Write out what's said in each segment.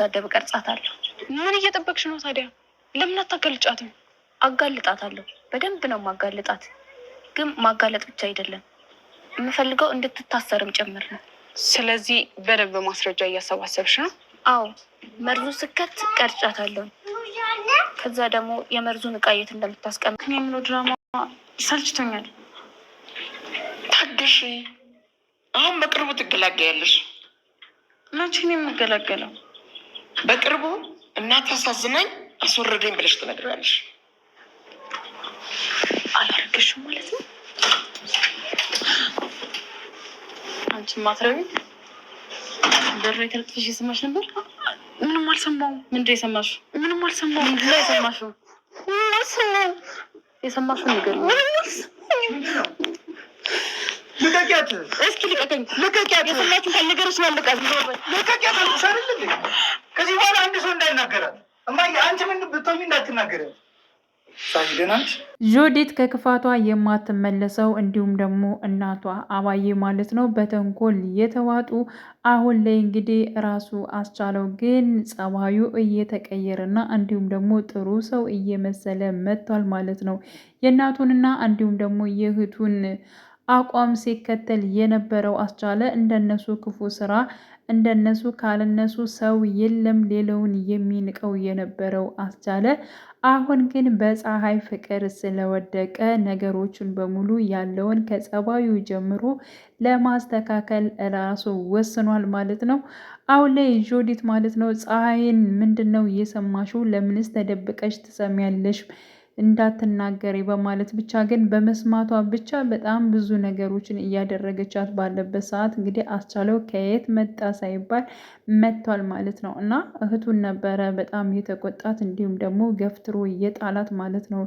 ስትሳደብ ቀርጻታለሁ። ምን እየጠበቅሽ ነው ታዲያ? ለምን አጋልጣት አጋልጣታለሁ። በደንብ ነው ማጋልጣት። ግን ማጋለጥ ብቻ አይደለም የምፈልገው እንድትታሰርም ጭምር ነው። ስለዚህ በደንብ ማስረጃ እያሰባሰብሽ ነው? አዎ፣ መርዙ ስከት ቀርጫታለሁ። ከዛ ደግሞ የመርዙን እቃ የት እንደምታስቀምጥ የምለው ድራማ ይሰልችቶኛል። ታገሽ፣ አሁን በቅርቡ ትገላገያለሽ። ናችን የምገላገለው በቅርቡ እናት አሳዝናኝ አስወረደኝ ብለሽ ትነግራለሽ። አላረገሽም ማለት ነው። አንቺ ማትረቢ በሮ የተለጥፈሽ የሰማሽ ነበር? ምንም አልሰማሁም። ምንድን የሰማሽ? ምንም አልሰማሁም። ምንድን ነው የሰማሽው? የሰማሽውን ነገር ልቀቂያት፣ እስኪ ልቀቀኝ፣ ልቀቂያት። የሰማችሁን ካልነገረች ነው ያለቃት። ልቀቂያት። ከዚህ በኋላ አንድ ሰው እንዳይናገራል። እማዬ አንቺ ምን ብትሆኚ እንዳትናገራል። ጆዲት ከክፋቷ የማትመለሰው እንዲሁም ደግሞ እናቷ አባዬ ማለት ነው በተንኮል የተዋጡ አሁን ላይ እንግዲህ ራሱ አስቻለው ግን ጸባዩ እየተቀየረና እንዲሁም ደግሞ ጥሩ ሰው እየመሰለ መጥቷል ማለት ነው። የእናቱንና እንዲሁም ደግሞ የእህቱን አቋም ሲከተል የነበረው አስቻለ እንደነሱ ክፉ ስራ እንደነሱ ካልነሱ ሰው የለም ሌላውን የሚንቀው የነበረው አስቻለ አሁን ግን በፀሐይ ፍቅር ስለወደቀ ነገሮችን በሙሉ ያለውን ከጸባዩ ጀምሮ ለማስተካከል ራሱ ወስኗል ማለት ነው። አሁን ላይ ጆዲት ማለት ነው ፀሐይን ምንድን ነው እየሰማሽው? ለምንስ ተደብቀሽ ትሰሚያለሽ? እንዳትናገሪ በማለት ብቻ ግን በመስማቷ ብቻ በጣም ብዙ ነገሮችን እያደረገቻት ባለበት ሰዓት እንግዲህ አስቻለው ከየት መጣ ሳይባል መጥቷል ማለት ነው። እና እህቱን ነበረ በጣም የተቆጣት እንዲሁም ደግሞ ገፍትሮ እየጣላት ማለት ነው።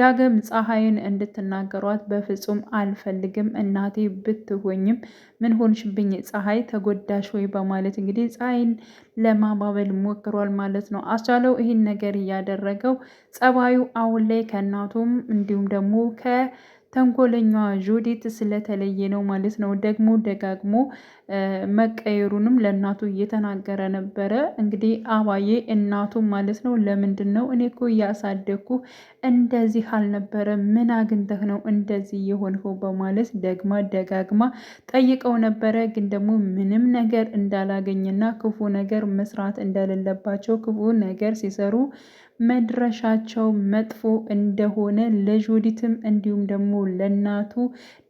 ዳግም ፀሐይን እንድትናገሯት በፍጹም አልፈልግም። እናቴ ብትሆኝም ምን ሆንሽብኝ ፀሐይ ተጎዳሽ ወይ በማለት እንግዲህ ፀሐይን ለማባበል ሞክሯል ማለት ነው። አስቻለው ይህን ነገር እያደረገው ጸባዩ አሁን ላይ ከእናቱም እንዲሁም ደግሞ ከተንኮለኛዋ ጁዲት ስለተለየ ነው ማለት ነው። ደግሞ ደጋግሞ መቀየሩንም ለእናቱ እየተናገረ ነበረ። እንግዲህ አባዬ እናቱ ማለት ነው ለምንድን ነው እኔ እኮ እያሳደግኩ እንደዚህ አልነበረ፣ ምን አግኝተህ ነው እንደዚህ የሆንኸው? በማለት ደግማ ደጋግማ ጠይቀው ነበረ። ግን ደግሞ ምንም ነገር እንዳላገኝና ክፉ ነገር መስራት እንደሌለባቸው ክፉ ነገር ሲሰሩ መድረሻቸው መጥፎ እንደሆነ ለጆዲትም እንዲሁም ደግሞ ለእናቱ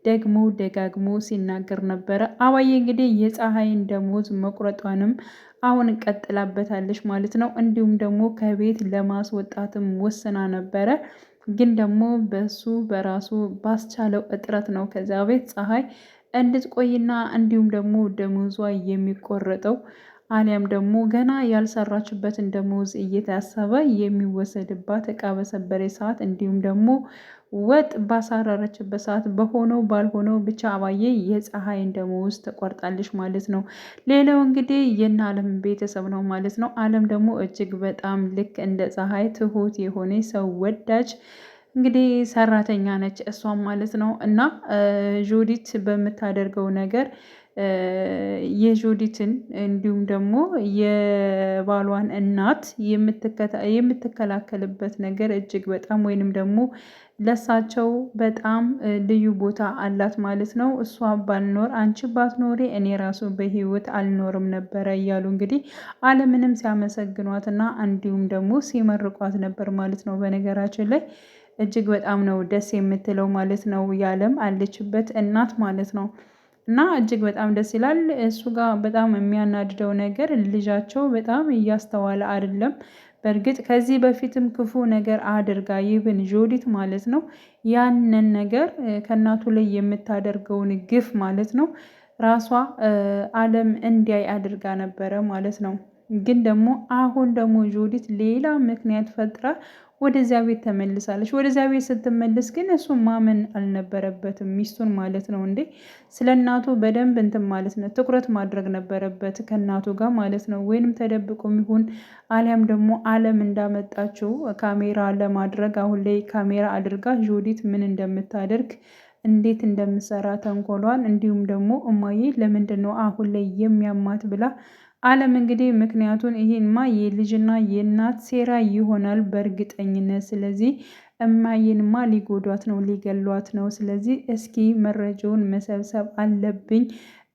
ደግሞ ደጋግሞ ሲናገር ነበረ። አባዬ እንግዲህ የፀሐይን ደሞዝ መቁረጧንም አሁን ቀጥላበታለች ማለት ነው። እንዲሁም ደግሞ ከቤት ለማስወጣትም ወስና ነበረ። ግን ደግሞ በሱ በራሱ ባስቻለው እጥረት ነው ከዚያ ቤት ፀሐይ እንድትቆይና እንዲሁም ደግሞ ደሞዟ የሚቆረጠው አሊያም ደግሞ ገና ያልሰራችበትን ደመወዝ እየታሰበ የሚወሰድባት እቃ በሰበሬ ሰዓት እንዲሁም ደግሞ ወጥ ባሳረረችበት ሰዓት በሆነው ባልሆነው ብቻ አባዬ የፀሐይን ደመወዝ ተቆርጣለች ማለት ነው። ሌላው እንግዲህ የነ አለም ቤተሰብ ነው ማለት ነው። አለም ደግሞ እጅግ በጣም ልክ እንደ ፀሐይ ትሁት የሆነ ሰው ወዳጅ እንግዲህ ሰራተኛ ነች እሷም ማለት ነው። እና ጆዲት በምታደርገው ነገር የጆዲትን እንዲሁም ደግሞ የባሏን እናት የምትከላከልበት ነገር እጅግ በጣም ወይንም ደግሞ ለሳቸው በጣም ልዩ ቦታ አላት ማለት ነው። እሷ ባልኖር አንቺ ባትኖሪ እኔ ራሱ በህይወት አልኖርም ነበረ እያሉ እንግዲህ አለምንም ሲያመሰግኗትና እንዲሁም ደግሞ ሲመርቋት ነበር ማለት ነው። በነገራችን ላይ እጅግ በጣም ነው ደስ የምትለው ማለት ነው። ያለም አለችበት እናት ማለት ነው። እና እጅግ በጣም ደስ ይላል። እሱ ጋር በጣም የሚያናድደው ነገር ልጃቸው በጣም እያስተዋለ አይደለም። በእርግጥ ከዚህ በፊትም ክፉ ነገር አድርጋ ይብን ጆዲት ማለት ነው ያንን ነገር ከእናቱ ላይ የምታደርገውን ግፍ ማለት ነው ራሷ አለም እንዲያይ አድርጋ ነበረ ማለት ነው። ግን ደግሞ አሁን ደግሞ ጆዲት ሌላ ምክንያት ፈጥራ ወደዚያ ቤት ተመልሳለች። ወደዚያ ቤት ስትመልስ ግን እሱ ማመን አልነበረበትም፣ ሚስቱን ማለት ነው እንዴ። ስለ እናቱ በደንብ እንትን ማለት ነው ትኩረት ማድረግ ነበረበት ከእናቱ ጋር ማለት ነው። ወይንም ተደብቆ ይሁን አሊያም ደግሞ አለም እንዳመጣችው ካሜራ ለማድረግ አሁን ላይ ካሜራ አድርጋ ጆዲት ምን እንደምታደርግ እንዴት እንደምሰራ ተንኮሏን፣ እንዲሁም ደግሞ እማዬ ለምንድን ነው አሁን ላይ የሚያማት ብላ አለም እንግዲህ ምክንያቱን ይሄንማ የልጅና የእናት ሴራ ይሆናል በእርግጠኝነት ስለዚህ እማዬንማ ሊጎዷት ነው ሊገሏት ነው ስለዚህ እስኪ መረጃውን መሰብሰብ አለብኝ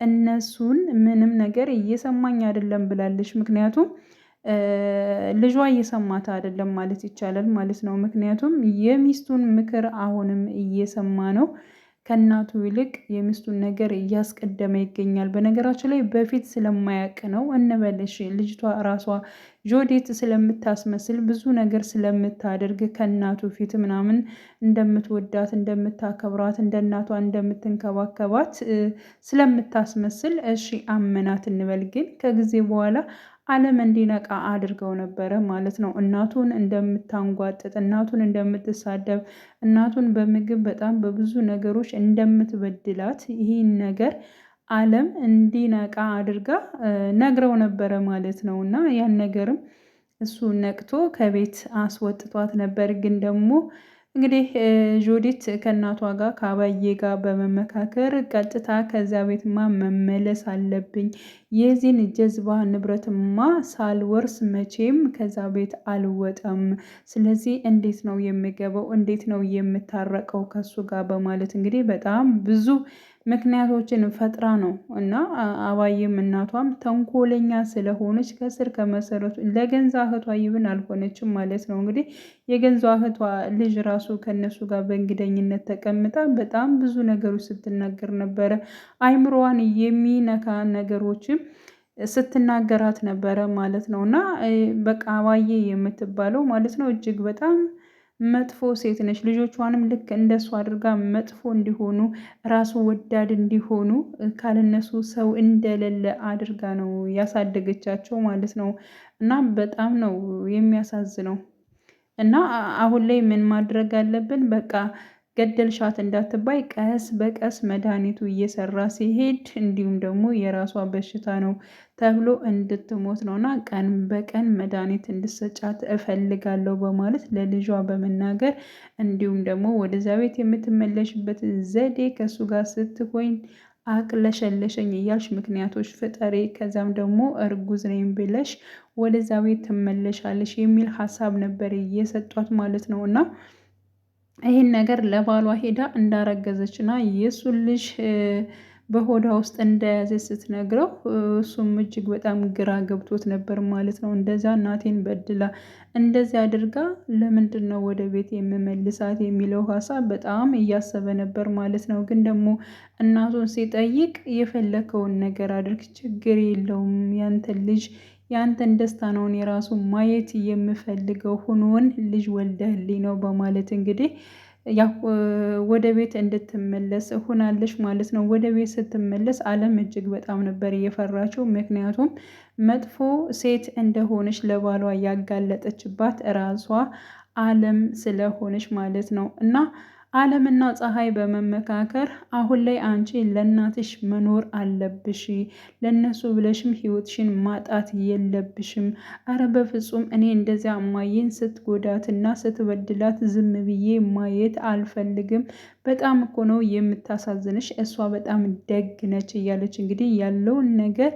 እነሱን ምንም ነገር እየሰማኝ አይደለም ብላለች ምክንያቱም ልጇ እየሰማት አይደለም ማለት ይቻላል ማለት ነው ምክንያቱም የሚስቱን ምክር አሁንም እየሰማ ነው ከእናቱ ይልቅ የሚስቱን ነገር እያስቀደመ ይገኛል። በነገራችን ላይ በፊት ስለማያውቅ ነው እንበልሽ ልጅቷ ራሷ ጆዴት ስለምታስመስል ብዙ ነገር ስለምታደርግ ከእናቱ ፊት ምናምን እንደምትወዳት እንደምታከብራት፣ እንደ እናቷ እንደምትንከባከባት ስለምታስመስል እሺ አመናት እንበል። ግን ከጊዜ በኋላ ዓለም እንዲነቃ አድርገው ነበረ ማለት ነው። እናቱን እንደምታንጓጥጥ፣ እናቱን እንደምትሳደብ፣ እናቱን በምግብ በጣም በብዙ ነገሮች እንደምትበድላት ይህን ነገር ዓለም እንዲነቃ አድርጋ ነግረው ነበረ ማለት ነው። እና ያን ነገርም እሱ ነቅቶ ከቤት አስወጥቷት ነበር ግን ደግሞ እንግዲህ ጆዲት ከእናቷ ጋር ከአባዬ ጋር በመመካከር ቀጥታ ከዚያ ቤትማ መመለስ አለብኝ፣ የዚህን ጀዝባ ንብረትማ ሳልወርስ መቼም ከዛ ቤት አልወጠም ስለዚህ እንዴት ነው የሚገበው እንዴት ነው የምታረቀው ከሱ ጋር በማለት እንግዲህ በጣም ብዙ ምክንያቶችን ፈጥራ ነው እና አባዬም እናቷም ተንኮለኛ ስለሆነች ከስር ከመሰረቱ ለገንዛ እህቷ ይብን አልሆነችም ማለት ነው። እንግዲህ የገንዛ እህቷ ልጅ ራሱ ከነሱ ጋር በእንግደኝነት ተቀምጣ በጣም ብዙ ነገሮች ስትናገር ነበረ። አይምሮዋን የሚነካ ነገሮችም ስትናገራት ነበረ ማለት ነው። እና በቃ አባዬ የምትባለው ማለት ነው እጅግ በጣም መጥፎ ሴት ነች። ልጆቿንም ልክ እንደሱ አድርጋ መጥፎ እንዲሆኑ ራሱ ወዳድ እንዲሆኑ ካልነሱ ሰው እንደሌለ አድርጋ ነው ያሳደገቻቸው ማለት ነው። እና በጣም ነው የሚያሳዝነው። እና አሁን ላይ ምን ማድረግ አለብን በቃ ገደልሻት እንዳትባይ ቀስ በቀስ መድኃኒቱ እየሰራ ሲሄድ እንዲሁም ደግሞ የራሷ በሽታ ነው ተብሎ እንድትሞት ነውና ቀን በቀን መድኃኒት እንድሰጫት እፈልጋለሁ በማለት ለልጇ በመናገር እንዲሁም ደግሞ ወደዚያ ቤት የምትመለሽበት ዘዴ ከእሱ ጋር ስትሆኝ አቅለሸለሸኝ እያልሽ ምክንያቶች ፍጠሬ ከዛም ደግሞ እርጉዝ ነኝ ብለሽ ወደዛ ቤት ትመለሻለሽ የሚል ሀሳብ ነበር እየሰጧት ማለት ነው እና ይህን ነገር ለባሏ ሄዳ እንዳረገዘች እና የእሱን ልጅ በሆዷ ውስጥ እንደያዘ ስትነግረው እሱም እጅግ በጣም ግራ ገብቶት ነበር ማለት ነው። እንደዚያ እናቴን በድላ እንደዚ አድርጋ ለምንድን ነው ወደ ቤት የምመልሳት የሚለው ሀሳብ በጣም እያሰበ ነበር ማለት ነው። ግን ደግሞ እናቱን ሲጠይቅ የፈለከውን ነገር አድርግ፣ ችግር የለውም ያንተን ልጅ የአንተን ደስታ ነው እኔ ራሱ ማየት የምፈልገው ሆኖን ልጅ ወልደህልኝ ነው በማለት እንግዲህ ያው ወደ ቤት እንድትመለስ ሆናለች ማለት ነው። ወደ ቤት ስትመለስ አለም እጅግ በጣም ነበር እየፈራችው። ምክንያቱም መጥፎ ሴት እንደሆነች ለባሏ ያጋለጠችባት ራሷ አለም ስለሆነች ማለት ነው እና ዓለምና ፀሐይ በመመካከር አሁን ላይ አንቺ ለእናትሽ መኖር አለብሽ፣ ለእነሱ ብለሽም ህይወትሽን ማጣት የለብሽም። አረ በፍጹም እኔ እንደዚያ እማዬን ስትጎዳትና ስትበድላት ዝም ብዬ ማየት አልፈልግም። በጣም እኮ ነው የምታሳዝንሽ፣ እሷ በጣም ደግ ነች እያለች እንግዲህ ያለውን ነገር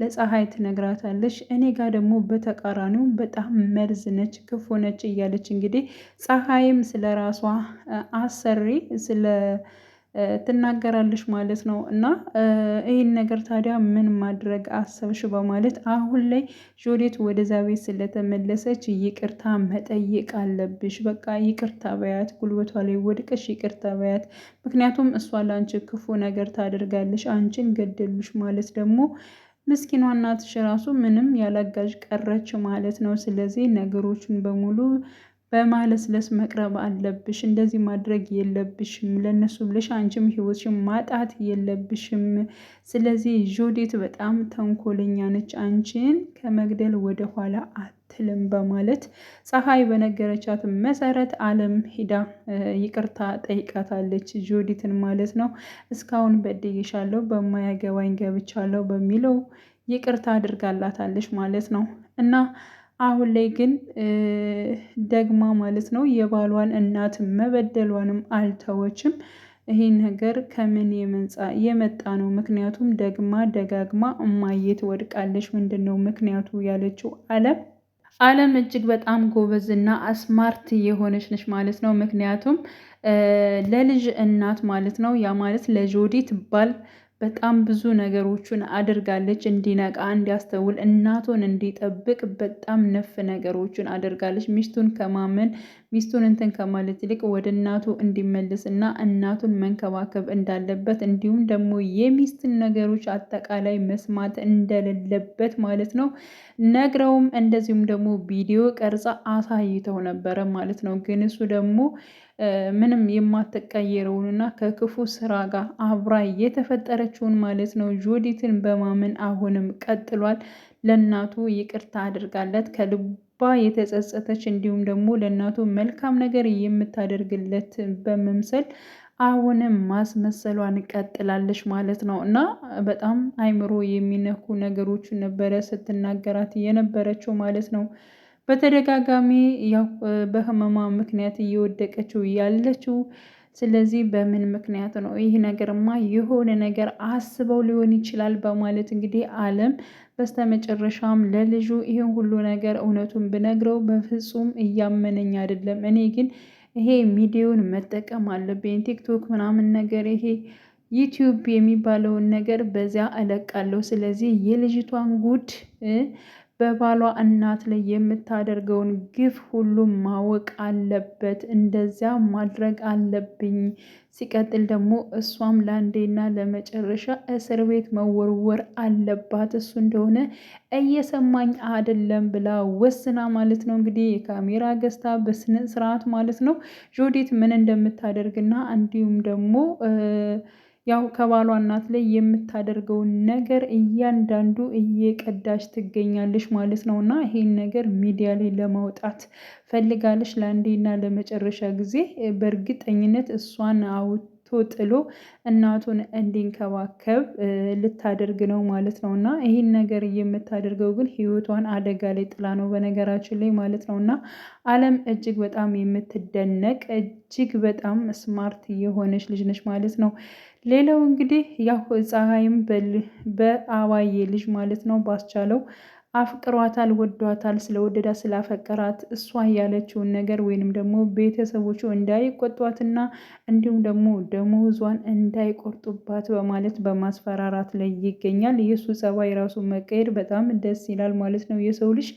ለፀሐይ ትነግራታለች። እኔ ጋር ደግሞ በተቃራኒው በጣም መርዝ ነች፣ ክፉ ነች እያለች እንግዲህ ፀሐይም ስለ ራሷ አሰሪ ስለ ትናገራለች ማለት ነው። እና ይህን ነገር ታዲያ ምን ማድረግ አሰብሽ በማለት አሁን ላይ ጆሌት ወደዛ ቤት ስለተመለሰች ይቅርታ መጠየቅ አለብሽ። በቃ ይቅርታ በያት፣ ጉልበቷ ላይ ወድቀሽ ይቅርታ በያት። ምክንያቱም እሷ ለአንቺ ክፉ ነገር ታደርጋለች፣ አንቺን ገደሉሽ ማለት ደግሞ ምስኪኗ እናትሽ ራሱ ምንም ያላጋዥ ቀረች ማለት ነው። ስለዚህ ነገሮችን በሙሉ በማለስለስ መቅረብ አለብሽ። እንደዚህ ማድረግ የለብሽም። ለነሱ ብለሽ አንቺም ህይወትሽም ማጣት የለብሽም። ስለዚህ ጆዲት በጣም ተንኮለኛ ነች፣ አንቺን ከመግደል ወደኋላ አትልም በማለት ፀሐይ በነገረቻት መሰረት አለም ሂዳ ይቅርታ ጠይቃታለች፣ ጆዲትን ማለት ነው። እስካሁን በድዬሻለሁ፣ በማያገባኝ ገብቻለሁ በሚለው ይቅርታ አድርጋላታለች ማለት ነው እና አሁን ላይ ግን ደግማ ማለት ነው የባሏን እናት መበደሏንም አልተወችም። ይሄ ነገር ከምን የመጣ ነው? ምክንያቱም ደግማ ደጋግማ እማየት ወድቃለች ምንድን ነው ምክንያቱ ያለችው አለም አለም እጅግ በጣም ጎበዝ እና አስማርት የሆነች ነች ማለት ነው። ምክንያቱም ለልጅ እናት ማለት ነው ያ ማለት ለጆዲ ትባል በጣም ብዙ ነገሮችን አድርጋለች። እንዲነቃ እንዲያስተውል፣ እናቱን እንዲጠብቅ በጣም ነፍ ነገሮችን አድርጋለች። ሚስቱን ከማመን ሚስቱን እንትን ከማለት ይልቅ ወደ እናቱ እና እናቱን መንከባከብ እንዳለበት እንዲሁም ደግሞ የሚስትን ነገሮች አጠቃላይ መስማት እንደሌለበት ማለት ነው ነግረውም እንደዚሁም ደግሞ ቪዲዮ ቀርጻ አሳይተው ነበረ ማለት ነው። ግን እሱ ደግሞ ምንም የማትቀየረውንና ከክፉ ስራ ጋር አብራ የተፈጠረችውን ማለት ነው ጆዲትን በማመን አሁንም ቀጥሏል። ለእናቱ ይቅርታ አድርጋለት ከልቡ የተጸጸተች እንዲሁም ደግሞ ለእናቱ መልካም ነገር የምታደርግለት በመምሰል አሁንም ማስመሰሏን ቀጥላለች ማለት ነው። እና በጣም አይምሮ የሚነኩ ነገሮቹ ነበረ ስትናገራት የነበረችው ማለት ነው። በተደጋጋሚ ያው በህመሟ ምክንያት እየወደቀችው ያለችው ስለዚህ በምን ምክንያት ነው ይህ ነገርማ የሆነ ነገር አስበው ሊሆን ይችላል በማለት እንግዲህ አለም በስተመጨረሻም ለልጁ ይህን ሁሉ ነገር እውነቱን ብነግረው በፍጹም እያመነኝ አይደለም፣ እኔ ግን ይሄ ሚዲዮን መጠቀም አለብኝ ቲክቶክ ምናምን ነገር ይሄ ዩቲዩብ የሚባለውን ነገር በዚያ እለቃለሁ። ስለዚህ የልጅቷን ጉድ በባሏ እናት ላይ የምታደርገውን ግፍ ሁሉም ማወቅ አለበት። እንደዚያ ማድረግ አለብኝ። ሲቀጥል ደግሞ እሷም ለአንዴና ለመጨረሻ እስር ቤት መወርወር አለባት። እሱ እንደሆነ እየሰማኝ አይደለም ብላ ወስና ማለት ነው እንግዲህ የካሜራ ገዝታ በስነ ስርዓት ማለት ነው ጆዲት ምን እንደምታደርግና እንዲሁም ደግሞ ያው ከባሏ እናት ላይ የምታደርገውን ነገር እያንዳንዱ እየቀዳች ትገኛለች ማለት ነው። እና ይሄን ነገር ሚዲያ ላይ ለማውጣት ፈልጋለች ለአንዴና ለመጨረሻ ጊዜ። በእርግጠኝነት እሷን አውቶ ጥሎ እናቱን እንዲንከባከብ ልታደርግ ነው ማለት ነው። እና ይህን ነገር የምታደርገው ግን ህይወቷን አደጋ ላይ ጥላ ነው በነገራችን ላይ ማለት ነው። እና አለም እጅግ በጣም የምትደነቅ እጅግ በጣም ስማርት የሆነች ልጅ ነች ማለት ነው። ሌላው እንግዲህ ያው ፀሐይም በአባዬ ልጅ ማለት ነው ባስቻለው አፍቅሯታል፣ ወዷታል። ስለወደዳት ስላፈቀራት እሷ ያለችውን ነገር ወይንም ደግሞ ቤተሰቦቹ እንዳይቆጧትና እንዲሁም ደግሞ ደሞዟን እንዳይቆርጡባት በማለት በማስፈራራት ላይ ይገኛል። የእሱ ጸባይ ራሱ መቀየር በጣም ደስ ይላል ማለት ነው። የሰው ልጅ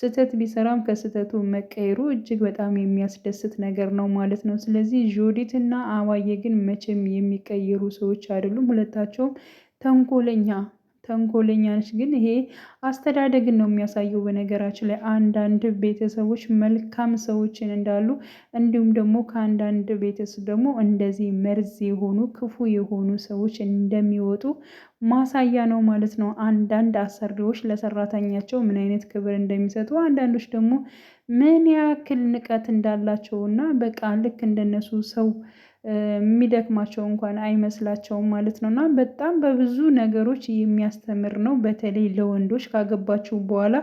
ስህተት ቢሰራም ከስህተቱ መቀየሩ እጅግ በጣም የሚያስደስት ነገር ነው ማለት ነው። ስለዚህ ጆዲት እና አባዬ ግን መቼም የሚቀየሩ ሰዎች አይደሉም። ሁለታቸውም ተንኮለኛ ተንኮለኛ ነች። ግን ይሄ አስተዳደግን ነው የሚያሳየው። በነገራችን ላይ አንዳንድ ቤተሰቦች መልካም ሰዎችን እንዳሉ እንዲሁም ደግሞ ከአንዳንድ ቤተሰብ ደግሞ እንደዚህ መርዝ የሆኑ ክፉ የሆኑ ሰዎች እንደሚወጡ ማሳያ ነው ማለት ነው። አንዳንድ አሰሪዎች ለሰራተኛቸው ምን አይነት ክብር እንደሚሰጡ፣ አንዳንዶች ደግሞ ምን ያክል ንቀት እንዳላቸውና በቃ ልክ እንደነሱ ሰው የሚደክማቸው እንኳን አይመስላቸውም ማለት ነው። እና በጣም በብዙ ነገሮች የሚያስተምር ነው። በተለይ ለወንዶች ካገባችሁ በኋላ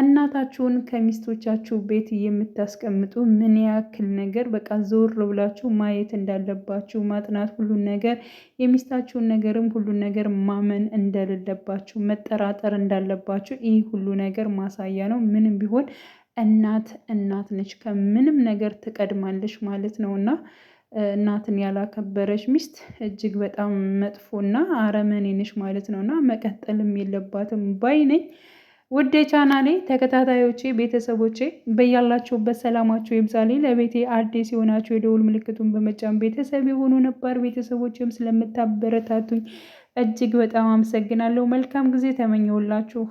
እናታችሁን ከሚስቶቻችሁ ቤት የምታስቀምጡ ምን ያክል ነገር በቃ ዘወር ብላችሁ ማየት እንዳለባችሁ ማጥናት፣ ሁሉን ነገር የሚስታችሁን ነገርም ሁሉን ነገር ማመን እንደሌለባችሁ መጠራጠር እንዳለባችሁ ይህ ሁሉ ነገር ማሳያ ነው። ምንም ቢሆን እናት እናት ነች፣ ከምንም ነገር ትቀድማለች ማለት ነው እና እናትን ያላከበረች ሚስት እጅግ በጣም መጥፎና አረመኔ ነች ማለት ነው እና መቀጠልም የለባትም ባይ ነኝ። ውድ ቻናሌ ተከታታዮቼ ቤተሰቦቼ በያላችሁበት ሰላማችሁ ይብዛሌ። ለቤቴ አዲስ የሆናችሁ የደውል ምልክቱን በመጫን ቤተሰብ የሆኑ ነባር ቤተሰቦችም ስለምታበረታቱኝ እጅግ በጣም አመሰግናለሁ። መልካም ጊዜ ተመኘውላችሁ።